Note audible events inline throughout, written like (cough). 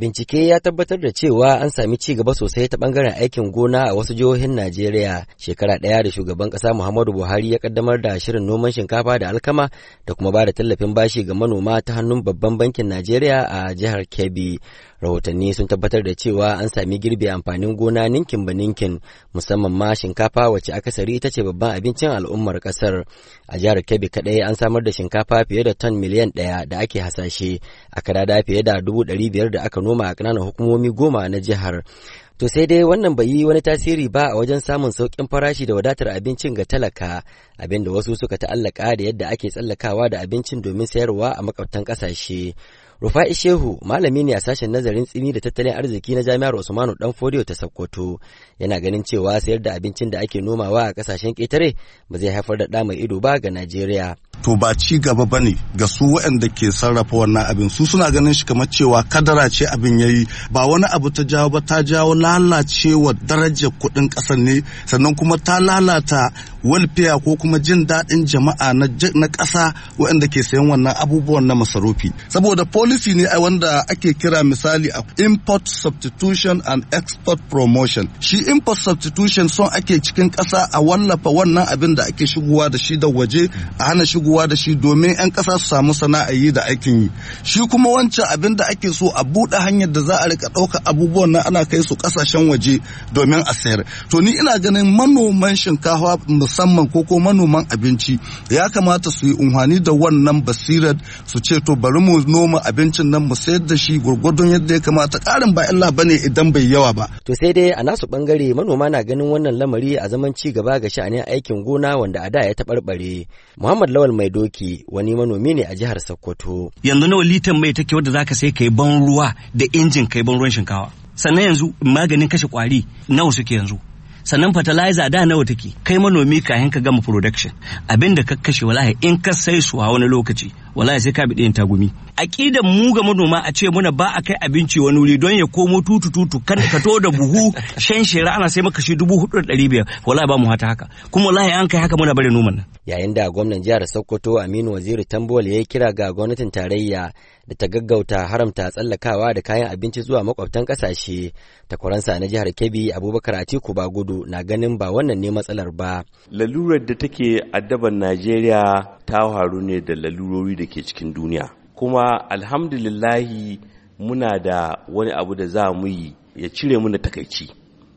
Bincike ya tabbatar da cewa an sami ci gaba sosai ta bangaren aikin gona a wasu jihohin Najeriya shekara ɗaya da shugaban ƙasa Muhammadu Buhari ya kaddamar da shirin noman shinkafa da alkama da kuma ba da tallafin bashi ga manoma ta hannun babban bankin Najeriya a jihar Kebbi. rahotanni sun tabbatar da cewa an sami girbe amfanin gona ninkin ba ninkin musamman ma shinkafa wacce akasari ita ce babban abincin al'ummar kasar a jihar kebbi kadai an samar da shinkafa fiye da ton miliyan ɗaya da ake hasashe a kadada fiye da dubu ɗari biyar da aka noma a kananan hukumomi goma na jihar To sai dai wannan bai yi wani tasiri ba a wajen samun sauƙin farashi da wadatar abincin ga talaka, abinda wasu suka ta'allaka da yadda ake tsallakawa da abincin domin sayarwa a makwabtan kasashe. Rufa'i Shehu malami ne a sashen nazarin tsimi da tattalin arziki na Jami'ar Usmanu Danfodiyo ta Sokoto yana ganin cewa sayar da abincin da ake nomawa a kasashen ƙetare ba zai haifar da ɗa mai ido ba ga Najeriya. to ba ci gaba ba ne ga su waɗanda ke sarrafa wannan abin su suna ganin shi kamar cewa kadara ce abin ya yi ba wani abu ta jawo ba ta jawo lalacewa darajar kuɗin ƙasar ne sannan kuma ta lalata walfiya ko kuma jin daɗin jama'a na ƙasa waɗanda ke sayan wannan abubuwan na masarufi saboda policy ne wanda ake kira misali a import substitution and export promotion shi import substitution son ake cikin ƙasa a wallafa wannan abin da ake shigowa da shi da waje a hana shigo shigowa da shi domin 'yan ƙasa su samu sana'a yi da aikin yi shi kuma wancan abin da ake so a buɗe hanyar da za a rika ɗauka abubuwan nan ana kai su ƙasashen waje domin a sayar to ni ina ganin manoman shinkafa musamman ko ko manoman abinci ya kamata su yi unhwani da wannan basirar su ce to bari mu noma abincin nan mu sayar da shi gwargwadon yadda ya kamata ƙarin ba illa bane idan bai yawa ba to sai dai a nasu bangare manoma na ganin wannan lamari a zaman ci gaba ga sha'anin aikin gona wanda a da ya taɓarɓare muhammad lawal mai doki wani manomi ne a jihar Sokoto. Yanzu nawa litan mai take wadda zaka sai yi ban ruwa da injin kai ban ruwan shinkawa. Sannan yanzu maganin kashe kwari nawa suke yanzu. sannan fertilizer da nawa take kai manomi kayan ka gama production abin da ka kashe wallahi in ka sai su a wani lokaci wallahi sai ka bi ɗayan tagumi aƙidan mu ga manoma a ce muna ba a kai abinci wani wuri don ya komo tutu tutu kan ka to da buhu (laughs) shan shira ana sai maka shi dubu hudu da ɗari biyar wallahi ba mu hata haka kuma wallahi an kai haka muna bare noman nan. yayin da gwamnan jihar sokoto aminu waziri tambol ya yi kira ga gwamnatin tarayya da ta gaggauta haramta tsallakawa da kayan abinci zuwa makwabtan kasashe takwaransa na jihar kebbi abubakar atiku ba na ganin ba wannan ne matsalar ba lalurar da take addaban najeriya ta faru ne da lalurori da ke cikin duniya kuma alhamdulillahi muna da wani abu da za mu yi ya cire mu da takaici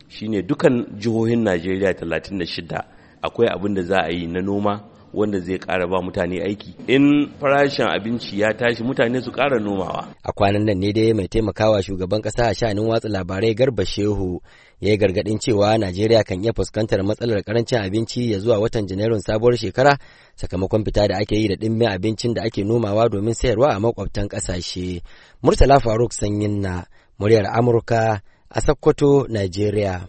shine dukan jihohin najeriya 36 akwai abin da za a yi na noma wanda zai ƙara ba mutane aiki in farashin abinci ya tashi mutane su ƙara nomawa a kwanan nan ne dai mai taimakawa shugaban ƙasa a shanin watsa labarai garba shehu ya yi gargaɗin cewa najeriya kan iya fuskantar matsalar karancin abinci ya zuwa watan janairun sabuwar shekara sakamakon fita da ake yi da ɗimbin abincin da ake nomawa domin sayarwa a makwabtan ƙasashe murtala faruk sanyin na muryar amurka a sokoto najeriya